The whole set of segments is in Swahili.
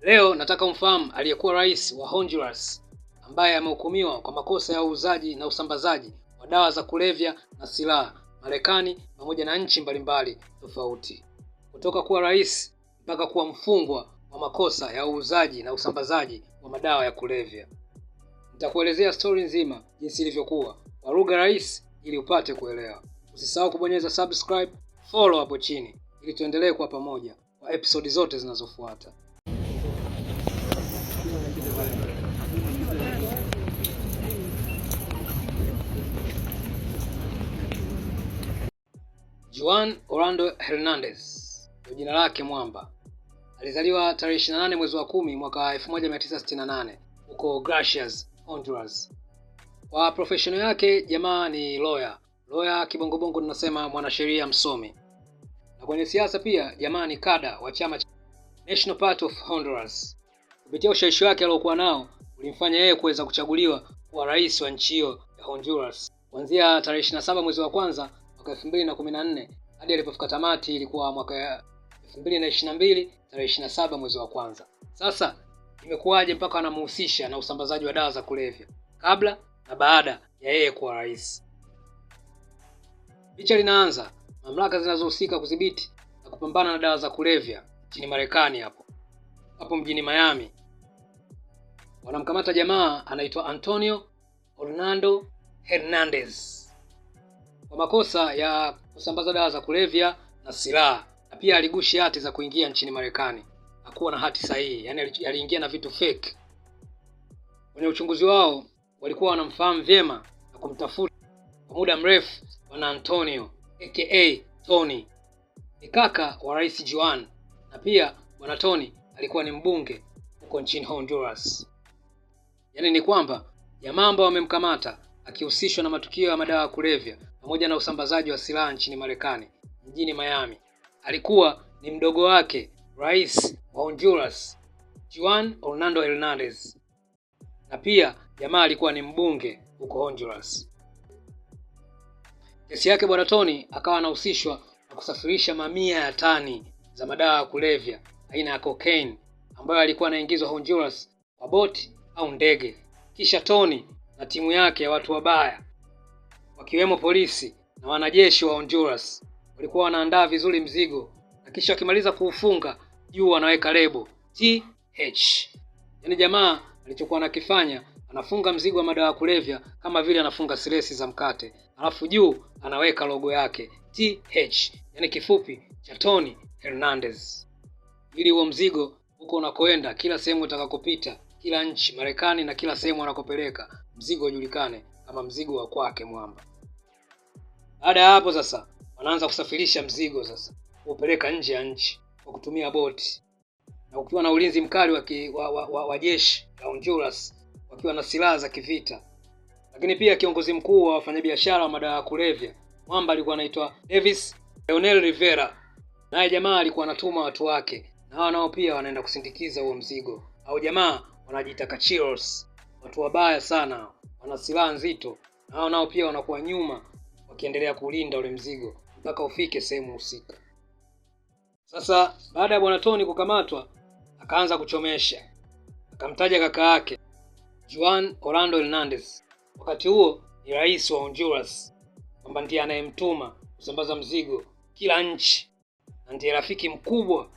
Leo nataka umfahamu aliyekuwa rais wa Honduras ambaye amehukumiwa kwa makosa ya uuzaji na usambazaji wa dawa za kulevya na silaha Marekani pamoja na nchi mbalimbali tofauti, kutoka kuwa rais mpaka kuwa mfungwa wa makosa ya uuzaji na usambazaji wa madawa ya kulevya. Nitakuelezea stori nzima jinsi ilivyokuwa kwa lugha rahisi ili upate kuelewa. Usisahau kubonyeza subscribe, follow hapo chini ili tuendelee kuwa pamoja kwa episodi zote zinazofuata. Juan Orlando Hernandez ndio jina lake mwamba. Alizaliwa tarehe 28 mwezi wa 10 mwaka 1968 huko Gracias, Honduras. Kwa professional yake jamaa ni lawyer. Lawyer kibongobongo tunasema mwanasheria msomi. Na kwenye siasa pia jamaa ni kada wa chama cha National Party of Honduras. Kupitia ushawishi wake aliokuwa nao ulimfanya yeye kuweza kuchaguliwa kuwa rais wa nchi hiyo ya Honduras kuanzia tarehe 27 mwezi wa kwanza mwaka 2014 hadi alipofika tamati ilikuwa mwaka mbili tarehe saba mwezi wa kwanza. Sasa imekuwaje mpaka anamhusisha na usambazaji wa dawa za kulevya kabla na baada ya yeye kuwa rais? Picha linaanza mamlaka zinazohusika kudhibiti na kupambana na dawa za kulevya nchini Marekani, hapo hapo mjini mayami wanamkamata jamaa anaitwa Antonio Orlando Hernandez kwa makosa ya kusambaza dawa za kulevya na silaha, na pia aligushi hati za kuingia nchini Marekani. Hakuwa na hati sahihi, yani aliingia na vitu fake. Kwenye uchunguzi wao walikuwa wanamfahamu vyema na kumtafuta kwa muda mrefu Bwana Antonio aka Tony, ni kaka wa Rais Juan, na pia Bwana Tony alikuwa ni mbunge huko nchini Honduras. Yaani ni kwamba jamaa ambao wamemkamata akihusishwa na matukio ya madawa ya kulevya pamoja na usambazaji wa silaha nchini Marekani mjini Miami. Alikuwa ni mdogo wake rais wa Honduras Juan Orlando Hernandez, na pia jamaa alikuwa ni mbunge huko Honduras. Kesi yake bwana Tony akawa anahusishwa na kusafirisha mamia ya tani za madawa ya kulevya aina ya cocaine ambayo alikuwa anaingizwa Honduras kwa boti au ndege. Kisha Tony na timu yake ya watu wabaya wakiwemo polisi na wanajeshi wa Honduras walikuwa wanaandaa vizuri mzigo, na kisha wakimaliza kuufunga juu wanaweka lebo TH. Yaani jamaa alichokuwa anakifanya anafunga mzigo wa madawa ya kulevya kama vile anafunga silesi za mkate, alafu juu anaweka logo yake TH, yani kifupi cha Tony Hernandez, ili huo mzigo huko unakoenda, kila sehemu utakakopita, kila nchi Marekani na kila sehemu anakopeleka mzigo ujulikane kama mzigo wa kwake mwamba. Baada ya hapo sasa, wanaanza kusafirisha mzigo sasa kupeleka nje ya nchi kwa kutumia boti, na ukiwa na ulinzi mkali wa, wa, wa, wa, wa jeshi la Honduras wakiwa na silaha za kivita. Lakini pia kiongozi mkuu wa wafanyabiashara wa madawa ya kulevya mwamba alikuwa anaitwa Davis Leonel Rivera, naye jamaa alikuwa anatuma watu wake, na hao nao pia wanaenda kusindikiza huo mzigo. Hao jamaa wanajiita Cachiros, watu wabaya sana, wana silaha nzito, na hao nao pia wanakuwa nyuma ukiendelea kulinda ule mzigo mpaka ufike sehemu husika. Sasa baada ya bwana Tony kukamatwa, akaanza kuchomesha, akamtaja kaka yake Juan Orlando Hernandez, wakati huo ni rais wa Honduras, kwamba ndiye anayemtuma kusambaza mzigo kila nchi na ndiye rafiki mkubwa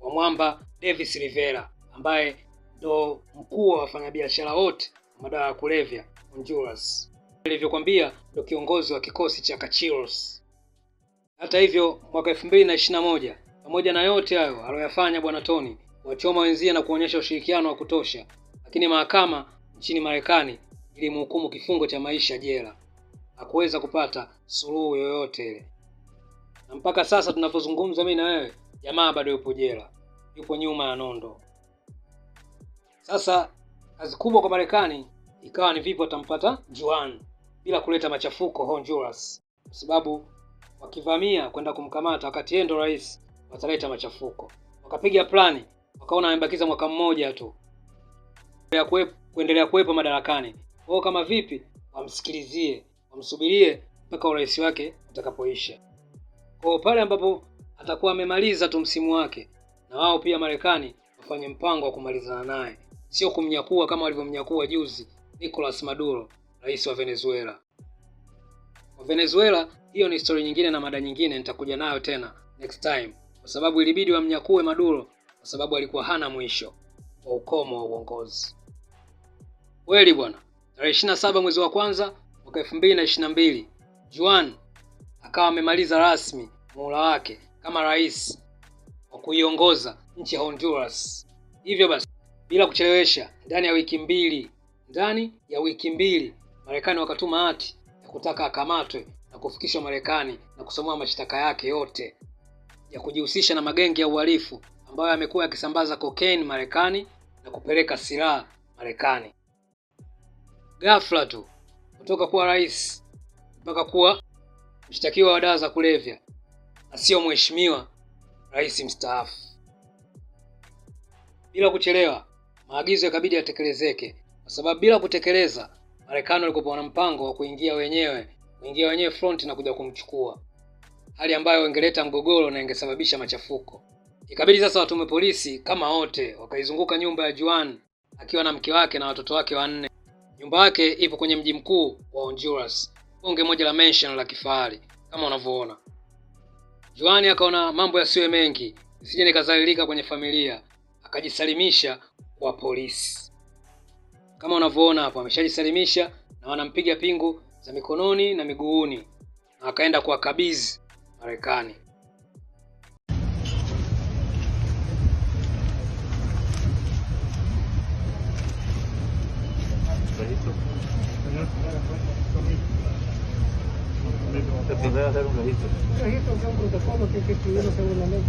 wa mwamba Davis Rivera ambaye ndo mkuu wa wafanyabiashara wote wa madawa ya kulevya Honduras nilivyokwambia ndo kiongozi wa kikosi cha Kachiros. Hata hivyo, mwaka 2021 pamoja na yote hayo aliyoyafanya bwana Tony, wachoma wenzie na kuonyesha ushirikiano wa kutosha, lakini mahakama nchini Marekani ilimhukumu kifungo cha maisha jela. Hakuweza kupata suluhu yoyote ile, na mpaka sasa tunapozungumza mimi na wewe, jamaa bado yupo jela, yupo nyuma ya nondo. Sasa kazi kubwa kwa Marekani ikawa ni vipi watampata Juan bila kuleta machafuko Honduras, kwa sababu wakivamia kwenda kumkamata wakati yeye ndo rais wataleta machafuko. Wakapiga plani, wakaona amebakiza mwaka mmoja tu kuendelea kuwepo madarakani. Wao kama vipi, wamsikilizie, wamsubirie mpaka urais wake utakapoisha. Kwa pale ambapo atakuwa amemaliza tu msimu wake, na wao pia Marekani wafanye mpango wa kumalizana naye, sio kumnyakua kama walivyomnyakua juzi Nicolas Maduro rais wa Venezuela. Kwa Venezuela hiyo ni story nyingine na mada nyingine, nitakuja nayo tena next time, kwa sababu ilibidi wamnyakue Maduro kwa sababu alikuwa hana mwisho wa ukomo wa uongozi. Kweli bwana, tarehe 27 mwezi wa kwanza mwaka 2022 Juan akawa amemaliza rasmi muhula wake kama rais wa kuiongoza nchi ya Honduras. Hivyo basi, bila kuchelewesha, ndani ya wiki mbili, ndani ya wiki mbili Marekani wakatuma hati ya kutaka akamatwe na kufikishwa Marekani na kusomewa mashtaka yake yote ya kujihusisha na magenge ya uhalifu ambayo yamekuwa yakisambaza cocaine Marekani na kupeleka silaha Marekani. Ghafla tu kutoka kuwa rais mpaka kuwa mshtakiwa wa dawa za kulevya na sio mheshimiwa rais mstaafu. Bila kuchelewa, maagizo yakabidi yatekelezeke, kwa sababu bila kutekeleza Marekani walikuwa na mpango wa kuingia wenyewe kuingia wenyewe front na kuja kumchukua, hali ambayo ingeleta mgogoro na ingesababisha machafuko. Ikabidi sasa watume polisi kama wote, wakaizunguka nyumba ya Juan akiwa na mke wake na watoto wake wanne. Nyumba yake ipo kwenye mji mkuu wa Honduras, bonge moja la mansion la kifahari kama unavyoona. Juan akaona mambo yasiwe mengi, sije nikazalilika kwenye familia, akajisalimisha kwa polisi. Kama unavyoona hapo, ameshajisalimisha na wanampiga pingu za mikononi na miguuni, na akaenda kabizi Marekani. Hacer un registro. Un registro un protocolo que que según la ley.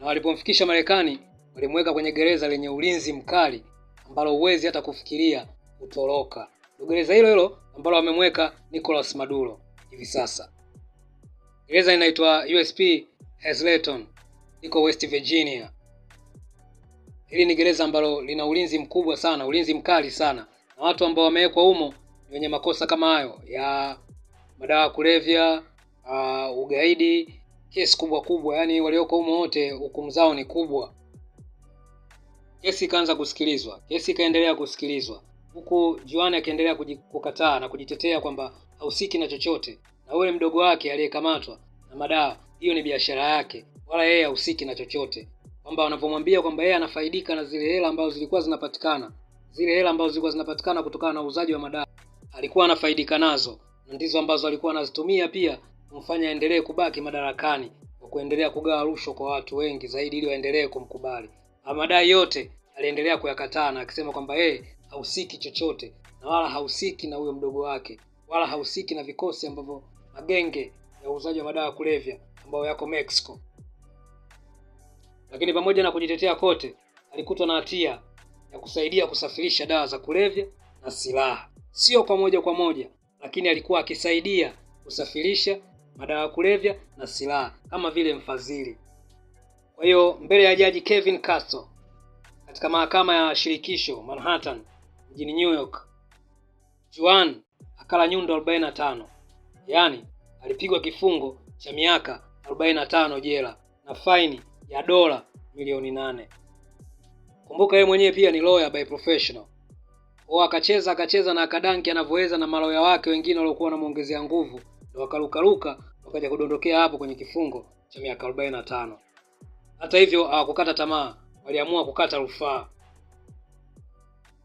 na walipomfikisha Marekani walimweka kwenye gereza lenye ulinzi mkali ambalo huwezi hata kufikiria kutoroka. Ndio gereza hilo hilo ambalo wamemweka Nicolas Maduro hivi sasa. Gereza inaitwa USP Hazleton, iko West Virginia. Hili ni gereza ambalo lina ulinzi mkubwa sana, ulinzi mkali sana, na watu ambao wamewekwa humo ni wenye makosa kama hayo ya madawa ya kulevya, uh, ugaidi kesi kubwa kubwa, yani walioko humo wote hukumu zao ni kubwa. Kesi ikaanza kusikilizwa, kesi ikaendelea kusikilizwa huku Juani akiendelea kukataa na kujitetea kwamba hausiki na chochote, na ule mdogo wake aliyekamatwa na madawa, hiyo ni biashara yake, wala yeye hausiki na chochote, kwamba wanavyomwambia kwamba yeye anafaidika na zile hela ambazo zilikuwa zinapatikana, zile hela ambazo zilikuwa zinapatikana kutokana na uuzaji wa madawa alikuwa anafaidika nazo, na ndizo ambazo alikuwa anazitumia pia kumfanya aendelee kubaki madarakani kwa kuendelea kugawa rushwa kwa watu wengi zaidi ili waendelee kumkubali. Madai yote aliendelea kuyakataa na akisema kwamba yeye hahusiki chochote na wala hahusiki na huyo mdogo wake wala hahusiki na vikosi ambavyo magenge ya uuzaji wa madawa ya kulevya ambayo yako Mexico. Lakini pamoja na kujitetea kote, alikutwa na hatia ya kusaidia kusafirisha dawa za kulevya na silaha, sio kwa moja kwa moja, lakini alikuwa akisaidia kusafirisha madawa ya kulevya na silaha kama vile mfadhili. Kwa hiyo mbele ya jaji Kevin Castle katika mahakama ya shirikisho Manhattan mjini New York, Juan akala nyundo 45, yaani alipigwa kifungo cha miaka 45 jela na faini ya dola milioni nane. Kumbuka yeye mwenyewe pia ni lawyer by professional. Kwa akacheza akacheza na akadanki anavyoweza na maloya wake wengine waliokuwa wanamwongezea nguvu na wakarukaruka wakaja kudondokea hapo kwenye kifungo cha miaka 45. Hata hivyo hawakukata tamaa, waliamua kukata rufaa.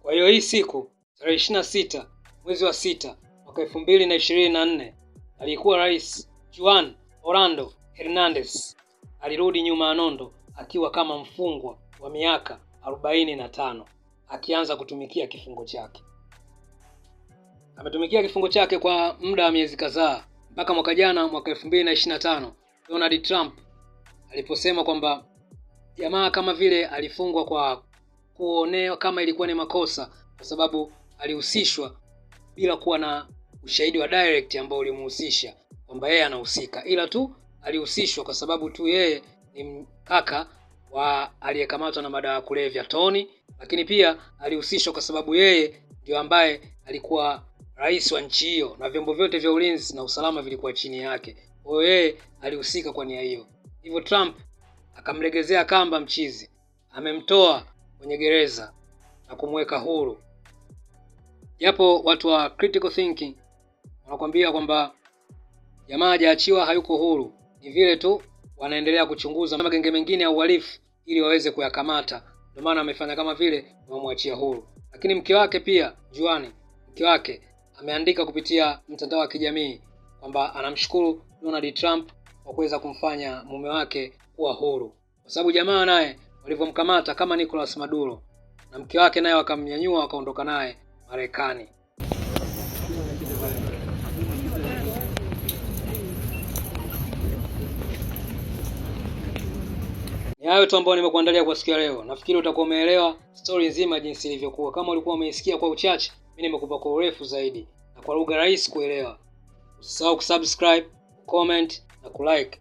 Kwa hiyo hii siku tarehe 26 mwezi wa sita mwaka 2024 aliyekuwa rais Juan Orlando Hernandez alirudi nyuma ya nondo akiwa kama mfungwa wa miaka 45 akianza kutumikia kifungo chake. Ametumikia kifungo chake kwa muda wa miezi kadhaa mpaka mwaka jana, mwaka 2025 Donald Trump aliposema kwamba jamaa kama vile alifungwa kwa kuonewa kama ilikuwa ni makosa, kwa sababu alihusishwa bila kuwa na ushahidi wa direct ambao ulimhusisha kwamba yeye anahusika, ila tu alihusishwa kwa sababu tu yeye ni mkaka wa aliyekamatwa na madawa ya kulevya Tony, lakini pia alihusishwa kwa sababu yeye ndio ambaye alikuwa rais wa nchi hiyo na vyombo vyote vya ulinzi na usalama vilikuwa chini yake. Kwa hiyo yeye alihusika kwa nia hiyo. Hivyo Trump akamlegezea kamba mchizi, amemtoa kwenye gereza na kumweka huru, japo watu wa critical thinking wanakuambia kwamba jamaa hajaachiwa, hayuko huru, ni vile tu wanaendelea kuchunguza magenge mengine ya uhalifu ili waweze kuyakamata. Ndio maana amefanya kama vile wamemwachia huru, lakini mke wake pia Juani, mke wake ameandika kupitia mtandao wa kijamii kwamba anamshukuru Donald Trump kwa kuweza kumfanya mume wake kuwa huru, kwa sababu jamaa naye walivyomkamata kama Nicolas Maduro na mke wake naye wakamnyanyua wakaondoka naye Marekani. Ni hayo tu ambayo nimekuandalia kwa siku ya leo. Nafikiri utakuwa umeelewa stori nzima jinsi ilivyokuwa. Kama ulikuwa umeisikia kwa uchache mimi nimekupa kwa urefu zaidi na kwa lugha rahisi kuelewa. Usisahau kusubscribe, comment na kulike.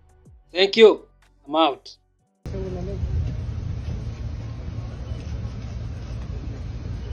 Thank you. I'm out.